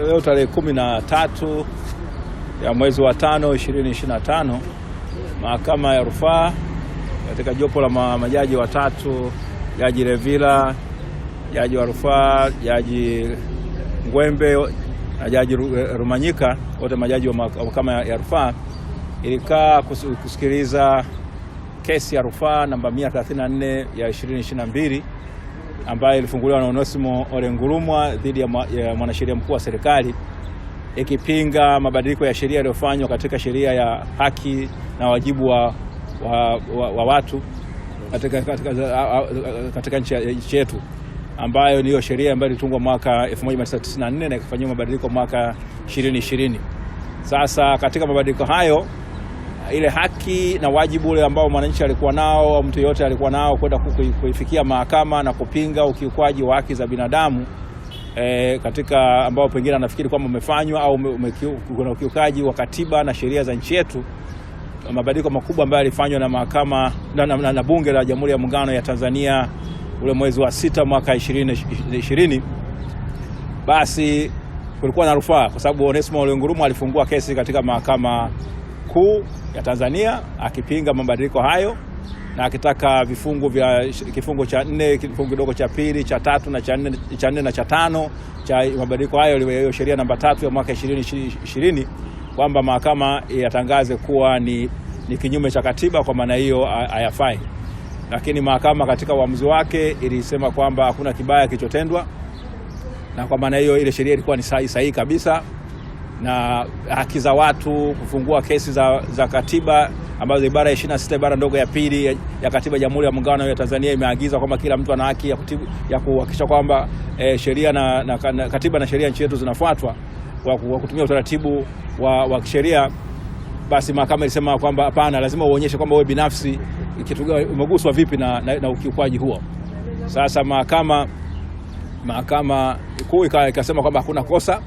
Eh, leo tarehe kumi na tatu ya mwezi wa tano ishirini na tano mahakama ya rufaa katika jopo la majaji watatu Jaji revila jaji wa rufaa, Jaji Ngwembe na Jaji eh, Rumanyika, wote majaji wa mahakama ya rufaa, ilikaa kusikiliza kesi ya rufaa namba 134 ya 2022 ambayo ilifunguliwa na Onesimo Olengurumwa dhidi ya mwanasheria mkuu wa serikali ikipinga mabadiliko ya sheria yaliyofanywa katika sheria ya haki na wajibu wa, wa, wa, wa watu katika, katika, katika nchi yetu ambayo ndiyo sheria ambayo ilitungwa mwaka 1994 na ikafanyiwa mabadiliko mwaka 2020. Sasa katika mabadiliko hayo ile haki na wajibu ule ambao mwananchi alikuwa nao au mtu yeyote alikuwa nao kwenda kuifikia mahakama na kupinga ukiukwaji wa haki za binadamu e, katika ambao pengine anafikiri kwamba umefanywa au kuna ukiukaji wa katiba na sheria za nchi yetu. Mabadiliko makubwa ambayo yalifanywa na mahakama na, na, na, na Bunge la Jamhuri ya Muungano ya Tanzania ule mwezi wa sita mwaka 2020 basi kulikuwa na rufaa kwa sababu Onesmo Olengurumo alifungua kesi katika mahakama kuu ya Tanzania akipinga mabadiliko hayo na akitaka vifungu vya kifungu cha nne kifungu kidogo cha pili cha tatu na cha nne na cha tano cha mabadiliko hayo hiyo sheria namba tatu ya mwaka 2020 kwamba mahakama yatangaze kuwa ni, ni kinyume cha katiba, kwa maana hiyo hayafai. Lakini mahakama katika uamuzi wake ilisema kwamba hakuna kibaya kilichotendwa, na kwa maana hiyo ile sheria ilikuwa ni sahihi sahihi kabisa na haki za watu, kufungua kesi za, za katiba ambazo ibara ya 26 ibara ndogo ya pili ya, ya katiba ya Jamhuri ya Muungano ya Tanzania imeagiza kwamba kila mtu ana haki ya kuhakikisha kwamba e, sheria na, na, na katiba na sheria nchi yetu zinafuatwa kwa kutumia utaratibu wa, wa kisheria. Basi mahakama ilisema kwamba hapana, lazima uonyeshe kwamba wewe binafsi umeguswa vipi na, na, na ukiukwaji huo. Sasa mahakama mahakama kuu ikasema kwamba hakuna kosa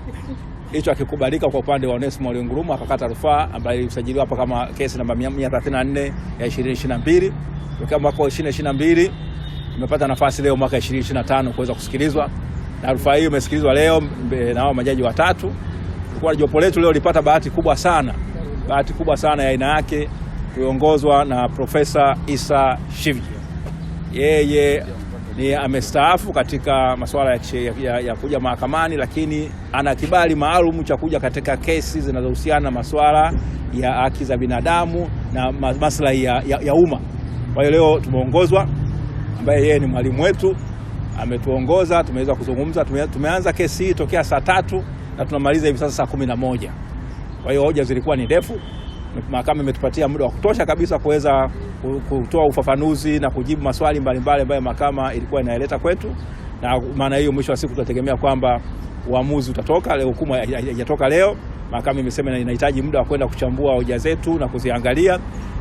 hicho akikubalika kwa upande wa Onesmo Olenguruma akakata rufaa ambayo ilisajiliwa hapa kama kesi namba 134 ya 2022 tokea mwaka 2022 imepata nafasi leo mwaka 2025 kuweza kusikilizwa na rufaa hiyo imesikilizwa leo na hao majaji watatu. Kwa jopo letu leo lipata bahati kubwa sana, bahati kubwa sana ya aina yake kuongozwa na Profesa Isa Shivji yeye ni amestaafu katika masuala ya, ya, ya kuja mahakamani, lakini ana kibali maalum cha kuja katika kesi zinazohusiana na masuala ya haki za binadamu na maslahi ya, ya, ya umma. Kwa hiyo leo tumeongozwa, ambaye yeye ni mwalimu wetu, ametuongoza, tumeweza kuzungumza. Tume, tumeanza kesi hii tokea saa tatu na tunamaliza hivi sasa saa kumi na moja. Kwa hiyo hoja zilikuwa ni ndefu, mahakama imetupatia muda wa kutosha kabisa kuweza kutoa ufafanuzi na kujibu maswali mbalimbali ambayo mahakama ilikuwa inaeleta kwetu, na maana hiyo mwisho wa siku tunategemea kwamba uamuzi utatoka leo. Hukumu haijatoka leo, mahakama imesema inahitaji muda wa kwenda kuchambua hoja zetu na kuziangalia,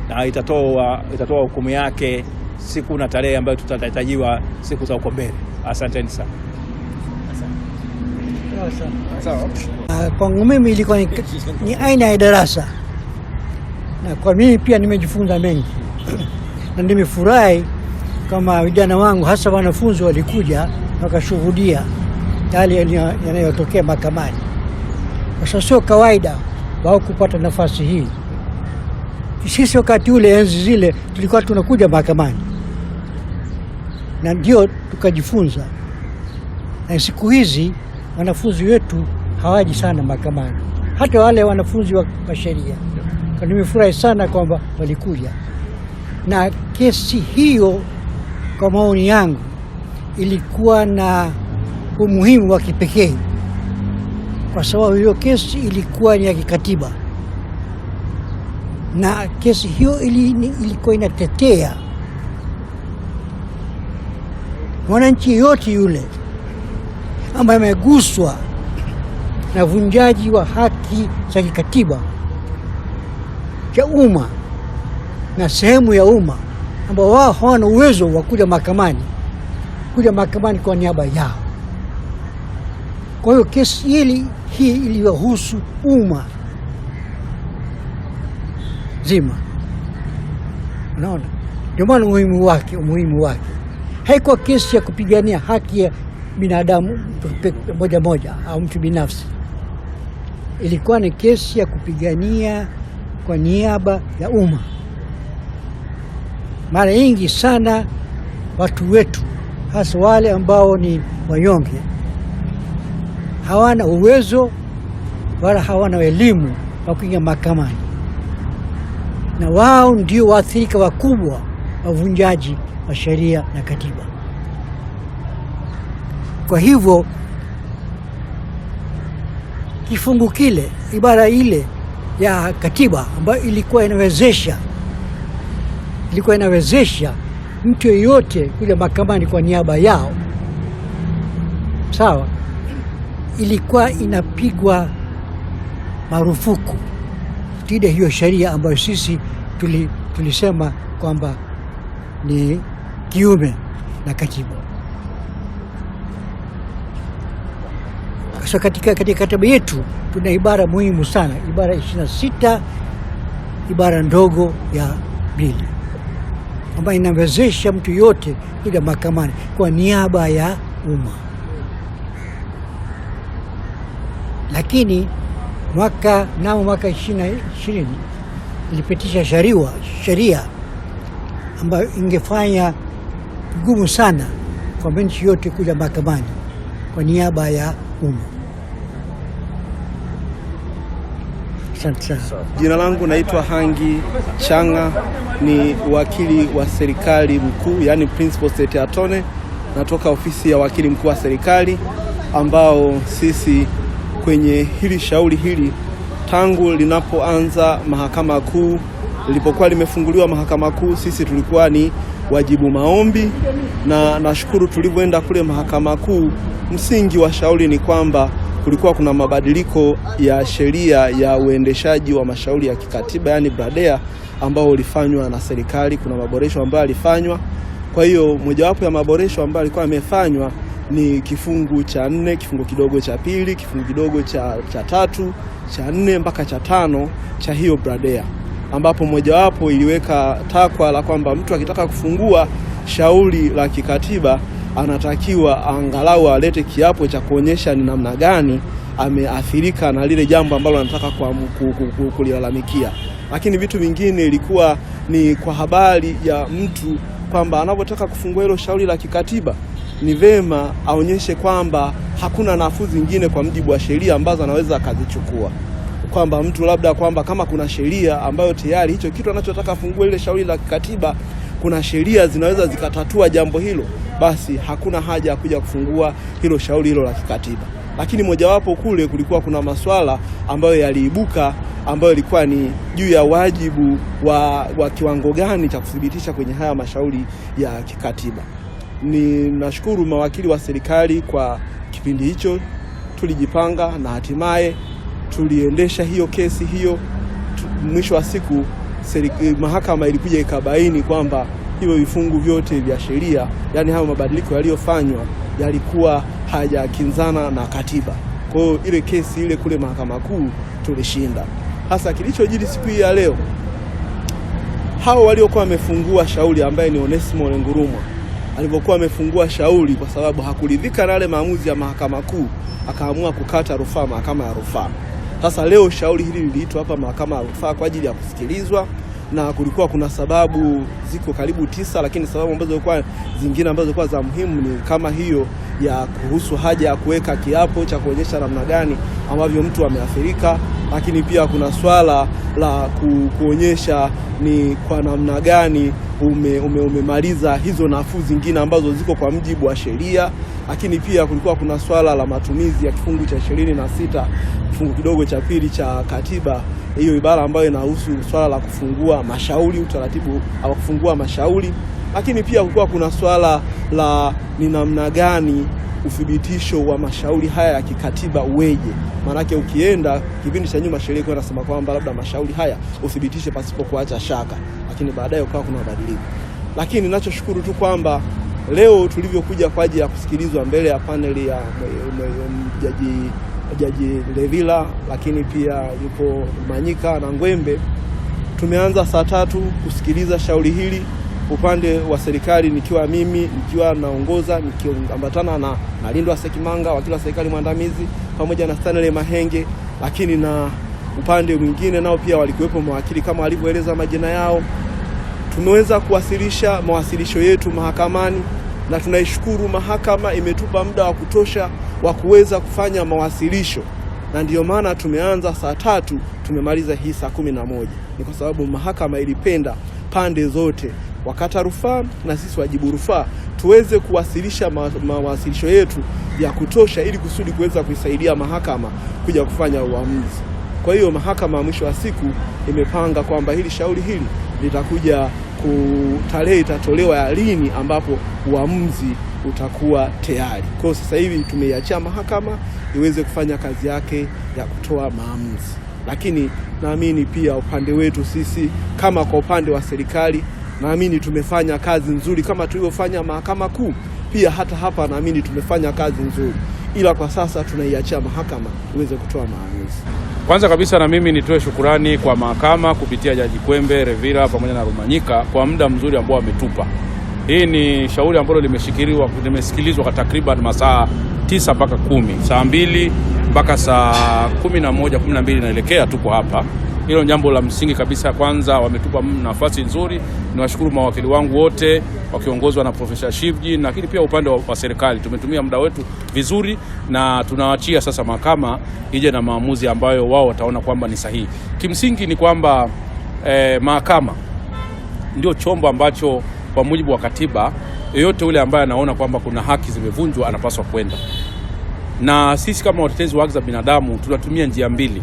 na itatoa itatoa hukumu yake siku na tarehe ambayo tutahitajiwa siku za uko mbele. Asanteni sana. Kwangu mimi ilikuwa ni, ni aina ya darasa na kwa mimi pia nimejifunza mengi na nimefurahi kama vijana wangu hasa wanafunzi walikuja wakashuhudia yale yanayotokea mahakamani. Sasa sio kawaida wao kupata nafasi hii. Sisi wakati ule, enzi zile, tulikuwa tunakuja mahakamani na ndio tukajifunza, na siku hizi wanafunzi wetu hawaji sana mahakamani, hata wale wanafunzi wa sheria. Nimefurahi sana kwamba walikuja na kesi hiyo kwa maoni yangu ilikuwa na umuhimu wa kipekee, kwa sababu hiyo kesi ilikuwa ni ya kikatiba, na kesi hiyo ilikuwa inatetea mwananchi yote yule ambaye ameguswa na vunjaji wa haki za kikatiba cha umma na sehemu ya umma ambao wao hawana uwezo wa kuja mahakamani kuja mahakamani kwa niaba yao. Kwa hiyo kesi hili hii iliyohusu umma zima, unaona, ndio maana umuhimu wake umuhimu wake haikuwa kesi ya kupigania haki ya binadamu moja moja au mtu binafsi, ilikuwa ni kesi ya kupigania kwa niaba ya umma. Mara nyingi sana watu wetu hasa wale ambao ni wanyonge hawana uwezo wala hawana elimu wa kuingia mahakamani, na wao ndio waathirika wakubwa wa uvunjaji wa sheria na katiba. Kwa hivyo kifungu kile, ibara ile ya katiba ambayo ilikuwa inawezesha ilikuwa inawezesha mtu yeyote kule mahakamani kwa niaba yao, sawa, ilikuwa inapigwa marufuku tida hiyo sheria ambayo sisi tuli, tulisema kwamba ni kiume na katiba. So katika, katika katiba yetu tuna ibara muhimu sana, ibara 26 ibara ndogo ya pili ambayo inawezesha mtu yote kuja mahakamani kwa niaba ya umma. Lakini mwaka nao mwaka ishirini ilipitisha shariwa sheria ambayo ingefanya vigumu sana kwa menchi yote kuja mahakamani kwa niaba ya umma. Jina langu naitwa Hangi Changa, ni wakili wa serikali mkuu, yani principal state attorney. Natoka ofisi ya wakili mkuu wa serikali, ambao sisi kwenye hili shauri hili tangu linapoanza mahakama kuu, lilipokuwa limefunguliwa mahakama kuu, sisi tulikuwa ni wajibu maombi, na nashukuru tulivyoenda kule mahakama kuu, msingi wa shauri ni kwamba kulikuwa kuna mabadiliko ya sheria ya uendeshaji wa mashauri ya kikatiba yani Bradea ambao ulifanywa na serikali. Kuna maboresho ambayo alifanywa. Kwa hiyo mojawapo ya maboresho ambayo alikuwa amefanywa ni kifungu cha nne, kifungu kidogo cha pili, kifungu kidogo cha, cha tatu, cha nne mpaka cha tano cha hiyo Bradea, ambapo mojawapo iliweka takwa la kwamba mtu akitaka kufungua shauri la kikatiba anatakiwa angalau alete kiapo cha kuonyesha ni namna gani ameathirika na lile jambo ambalo anataka kulilalamikia. Lakini vitu vingine ilikuwa ni kwa habari ya mtu kwamba anapotaka kufungua hilo shauri la kikatiba ni vema aonyeshe kwamba hakuna nafuu zingine kwa mjibu wa sheria ambazo anaweza akazichukua, kwamba mtu labda kwamba kama kuna sheria ambayo tayari hicho kitu anachotaka afungue ile shauri la kikatiba kuna sheria zinaweza zikatatua jambo hilo, basi hakuna haja ya kuja kufungua hilo shauri hilo la kikatiba. Lakini mojawapo kule kulikuwa kuna maswala ambayo yaliibuka ambayo ilikuwa ni juu ya wajibu wa, wa kiwango gani cha kuthibitisha kwenye haya mashauri ya kikatiba. Ninashukuru mawakili wa serikali kwa kipindi hicho, tulijipanga na hatimaye tuliendesha hiyo kesi hiyo tu, mwisho wa siku mahakama ilikuja ikabaini kwamba hivyo vifungu vyote vya sheria, yaani hayo mabadiliko yaliyofanywa yalikuwa hayakinzana na katiba. Kwa hiyo ile kesi ile kule mahakama kuu tulishinda. Hasa kilichojiri siku hii ya leo, hao waliokuwa wamefungua shauri ambaye ni Onesimo Lengurumwa alivyokuwa amefungua shauri, kwa sababu hakuridhika na yale maamuzi ya mahakama kuu, akaamua kukata rufaa mahakama ya rufaa. Sasa leo shauri hili liliitwa hapa mahakama ya rufaa kwa ajili ya kusikilizwa na kulikuwa kuna sababu ziko karibu tisa, lakini sababu ambazo zilikuwa zingine ambazo zilikuwa za muhimu ni kama hiyo ya kuhusu haja ya kuweka kiapo cha kuonyesha namna gani ambavyo mtu ameathirika, lakini pia kuna swala la ku, kuonyesha ni kwa namna gani umemaliza ume, ume hizo nafuu zingine ambazo ziko kwa mujibu wa sheria. Lakini pia kulikuwa kuna swala la matumizi ya kifungu cha ishirini na sita kifungu kidogo cha pili cha katiba, hiyo ibara ambayo inahusu swala la kufungua mashauri, utaratibu wa kufungua mashauri. Lakini pia kulikuwa kuna swala la ni namna gani uthibitisho wa mashauri haya ya kikatiba uweje? Maanake ukienda kipindi cha nyuma, sheria ilikuwa inasema kwamba labda mashauri haya uthibitishe pasipo kuacha shaka, lakini baadaye ukawa kuna mabadiliko. Lakini ninachoshukuru tu kwamba leo tulivyokuja kwa ajili ya kusikilizwa mbele ya paneli ya jaji jaji Levila, lakini pia yupo Manyika na Ngwembe. Tumeanza saa tatu kusikiliza shauri hili upande wa serikali, nikiwa mimi nikiwa naongoza nikiambatana na, na Sekimanga, wakili wa serikali mwandamizi, pamoja na Stanley Mahenge, lakini na upande mwingine nao pia walikuwepo mawakili kama walivyoeleza majina yao tumeweza kuwasilisha mawasilisho yetu mahakamani na tunaishukuru mahakama imetupa muda wa kutosha wa kuweza kufanya mawasilisho, na ndiyo maana tumeanza saa tatu tumemaliza hii saa kumi na moja ni kwa sababu mahakama ilipenda pande zote, wakata rufaa na sisi wajibu rufaa, tuweze kuwasilisha mawasilisho yetu ya kutosha, ili kusudi kuweza kuisaidia mahakama kuja kufanya uamuzi. Kwa hiyo mahakama mwisho wa siku imepanga kwamba hili shauri hili litakuja tarehe itatolewa lini ambapo uamuzi utakuwa tayari. Kwa hiyo sasa hivi tumeiachia mahakama iweze kufanya kazi yake ya kutoa maamuzi, lakini naamini pia upande wetu sisi kama kwa upande wa serikali, naamini tumefanya kazi nzuri kama tulivyofanya mahakama kuu. Pia hata hapa naamini tumefanya kazi nzuri ila kwa sasa tunaiachia mahakama iweze kutoa maamuzi. Kwanza kabisa na mimi nitoe shukurani kwa mahakama kupitia Jaji Kwembe Revira pamoja na Rumanyika kwa muda mzuri ambao wametupa. Hii ni shauri ambalo limeshikiliwa limesikilizwa kwa takriban masaa tisa mpaka kumi, saa mbili mpaka saa kumi na moja kumi na mbili inaelekea, tuko hapa hilo jambo la msingi kabisa. Kwanza wametupa nafasi nzuri, niwashukuru mawakili wangu wote wakiongozwa na Profesa Shivji, lakini pia upande wa, wa serikali tumetumia muda wetu vizuri, na tunawachia sasa mahakama ije na maamuzi ambayo wao wataona kwamba ni sahihi. Kimsingi ni kwamba eh, mahakama ndio chombo ambacho kwa mujibu wa katiba yoyote ule ambaye anaona kwamba kuna haki zimevunjwa anapaswa kwenda, na sisi kama watetezi wa haki za binadamu tunatumia njia mbili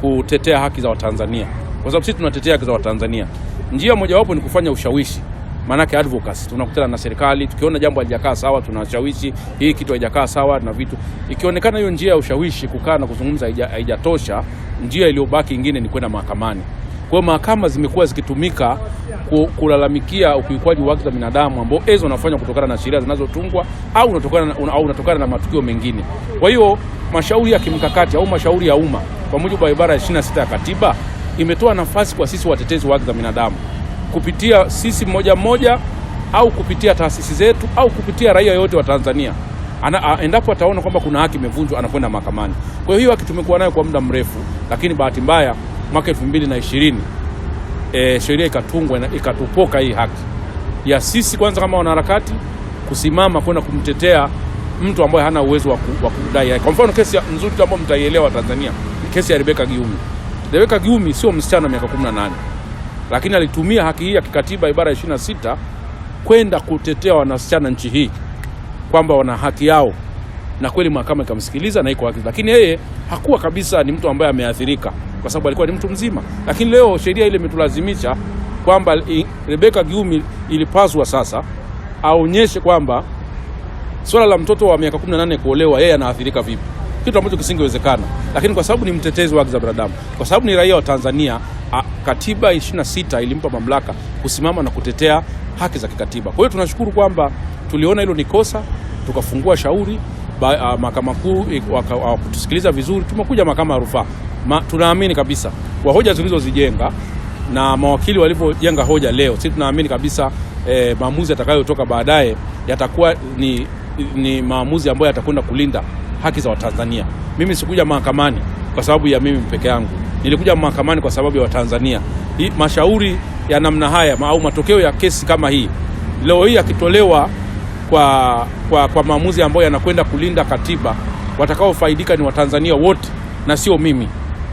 kutetea haki za Watanzania, kwa sababu sisi tunatetea haki za Watanzania. Njia mojawapo ni kufanya ushawishi, maanake advocacy. Tunakutana na serikali, tukiona jambo halijakaa sawa, tunashawishi hii kitu haijakaa sawa na vitu. Ikionekana hiyo njia ya ushawishi, kukaa na kuzungumza, haijatosha, njia iliyobaki ingine ni kwenda mahakamani. Kwa hiyo mahakama zimekuwa zikitumika kulalamikia ukiukwaji wa haki za binadamu ambao ezo unafanywa kutokana na sheria zinazotungwa au unatokana na, au unatokana na matukio mengine. Kwa hiyo mashauri ya kimkakati au mashauri ya umma kwa mujibu wa ibara ya 26 ya katiba imetoa nafasi kwa sisi watetezi wa haki za binadamu kupitia sisi mmoja mmoja au kupitia taasisi zetu au kupitia raia yote wa Tanzania ana, a, endapo ataona kwamba kuna haki imevunjwa anakwenda mahakamani. Kwa hiyo hiyo haki tumekuwa nayo kwa muda mrefu, lakini bahati mbaya mwaka 2020 e, sheria ikatungwa ikatupoka hii haki ya sisi kwanza kama wanaharakati kusimama kwenda kumtetea mtu ambaye hana uwezo wa kudai Kwa mfano kesi nzuri tu ambayo mtaielewa Tanzania kesi ya Rebeka Giumi. Rebeka Giumi sio msichana miaka 18, lakini alitumia haki hii ya kikatiba ibara 26 kwenda kutetea wanasichana nchi hii kwamba wana haki yao, na kweli mahakama ikamsikiliza na iko haki, lakini yeye hakuwa kabisa ni mtu ambaye ameathirika kwa sababu alikuwa ni mtu mzima. Lakini leo sheria ile imetulazimisha kwamba Rebeka Giumi ilipaswa sasa aonyeshe kwamba swala la mtoto wa miaka 18 kuolewa yeye anaathirika vipi kitu ambacho kisingewezekana, lakini kwa sababu ni mtetezi wa haki za binadamu, kwa sababu ni raia wa Tanzania, katiba 26 ilimpa mamlaka kusimama na kutetea haki za kikatiba. Kwa hiyo tunashukuru kwamba tuliona hilo ni kosa, tukafungua shauri uh, mahakama kuu e, wakutusikiliza vizuri, tumekuja mahakama ya rufaa Ma, tunaamini kabisa kwa hoja zilizozijenga na mawakili walivyojenga hoja leo, si tunaamini kabisa e, maamuzi yatakayotoka baadaye yatakuwa ni ni maamuzi ambayo yatakwenda kulinda haki za Watanzania. Mimi sikuja mahakamani kwa sababu ya mimi peke yangu, nilikuja mahakamani kwa sababu ya Watanzania. Mashauri ya namna haya au matokeo ya kesi kama hii leo hii yakitolewa kwa, kwa, kwa maamuzi ambayo yanakwenda kulinda katiba, watakaofaidika ni Watanzania wote na sio mimi.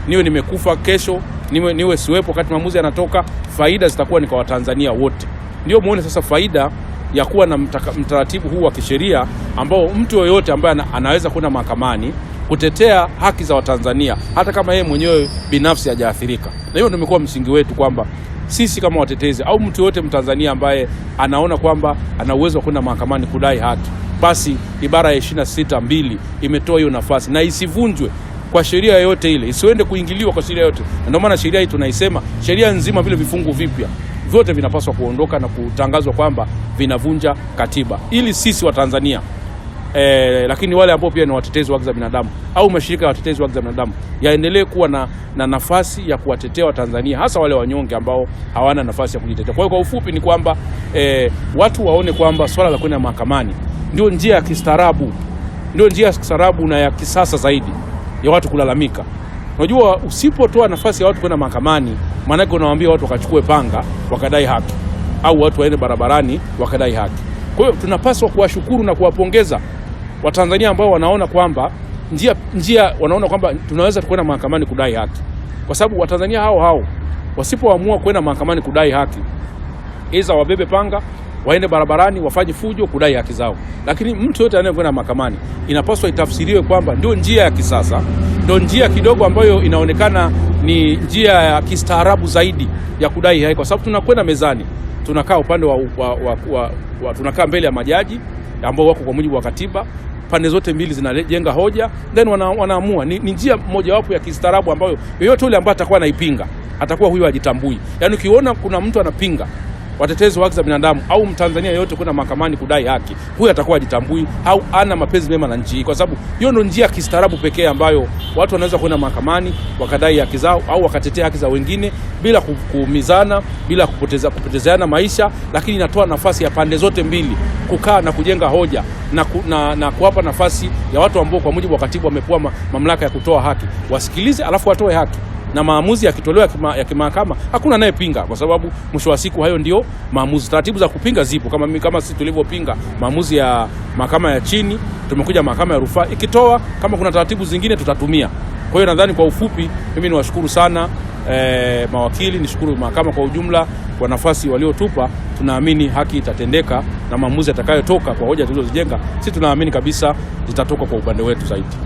Niwe nimekufa kesho, niwe, niwe siwepo wakati maamuzi yanatoka, faida zitakuwa ni kwa Watanzania wote. Ndio muone sasa faida ya kuwa na mtaratibu huu wa kisheria ambao mtu yoyote ambaye anaweza kwenda mahakamani kutetea haki za Watanzania hata kama yeye mwenyewe binafsi hajaathirika. Na hiyo ndio imekuwa msingi wetu kwamba sisi kama watetezi au mtu yoyote Mtanzania ambaye anaona kwamba ana uwezo wa kwenda mahakamani kudai haki, basi ibara ya ishirini na sita mbili imetoa hiyo nafasi na isivunjwe kwa sheria yoyote ile, isiende kuingiliwa kwa sheria yoyote. Ndio maana sheria hii tunaisema sheria nzima vile vifungu vipya vyote vinapaswa kuondoka na kutangazwa kwamba vinavunja katiba, ili sisi Watanzania E, eh, lakini wale ambao pia ni watetezi wa haki za binadamu au mashirika ya watetezi wa haki za binadamu yaendelee kuwa na, na nafasi ya kuwatetea Watanzania hasa wale wanyonge ambao hawana nafasi ya kujitetea. Kwa hiyo kwa ufupi ni kwamba e, watu waone kwamba swala la kwenda mahakamani ndio njia ya kistaarabu, ndio njia ya kistaarabu na ya kisasa zaidi ya watu kulalamika. Unajua, usipotoa nafasi ya watu kwenda mahakamani, maanake unawaambia watu wakachukue panga wakadai haki, au watu waende barabarani wakadai haki. Kwa hiyo tunapaswa kuwashukuru na kuwapongeza Watanzania ambao wanaona kwamba njia, njia wanaona kwamba tunaweza kwenda mahakamani kudai haki, kwa sababu Watanzania hao hao wasipoamua kwenda mahakamani kudai haki, iza wabebe panga waende barabarani wafanye fujo kudai haki zao. Lakini mtu yote anayekwenda mahakamani inapaswa itafsiriwe kwamba ndio njia ya kisasa, ndio njia kidogo ambayo inaonekana ni njia ya kistaarabu zaidi ya kudai haki, kwa sababu tunakwenda mezani, tunakaa upande wa, wa, wa, wa, wa, tunakaa mbele ya majaji ambao wako kwa mujibu wa katiba pande zote mbili zinajenga hoja then wana, wanaamua. Ni, ni njia mojawapo ya kistaarabu ambayo yoyote yule ambaye atakuwa anaipinga atakuwa huyo ajitambui. Yaani ukiona kuna mtu anapinga watetezi wa haki za binadamu au Mtanzania yeyote kwenda mahakamani kudai haki, huyu atakuwa ajitambui au ana mapenzi mema na nchi hii, kwa sababu hiyo ndio njia ya kistaarabu pekee ambayo watu wanaweza kwenda mahakamani wakadai haki zao au wakatetea haki za wengine bila kuumizana, bila kupoteza, kupotezeana maisha, lakini inatoa nafasi ya pande zote mbili kukaa na kujenga hoja na, ku, na, na kuwapa nafasi ya watu ambao kwa mujibu wa katibu wamepewa mamlaka ya kutoa haki, wasikilize alafu watoe haki na maamuzi yakitolewa ya kimahakama kima, hakuna anayepinga kwa sababu mwisho wa siku hayo ndio maamuzi. Taratibu za kupinga zipo kama mimi, kama sisi tulivyopinga maamuzi ya mahakama ya chini, tumekuja mahakama ya rufaa ikitoa, kama kuna taratibu zingine tutatumia. Kwa hiyo nadhani kwa ufupi, mimi niwashukuru sana e, mawakili, nishukuru mahakama kwa ujumla kwa nafasi waliotupa. Tunaamini haki itatendeka na maamuzi yatakayotoka kwa hoja tulizozijenga, si tunaamini kabisa zitatoka kwa upande wetu zaidi.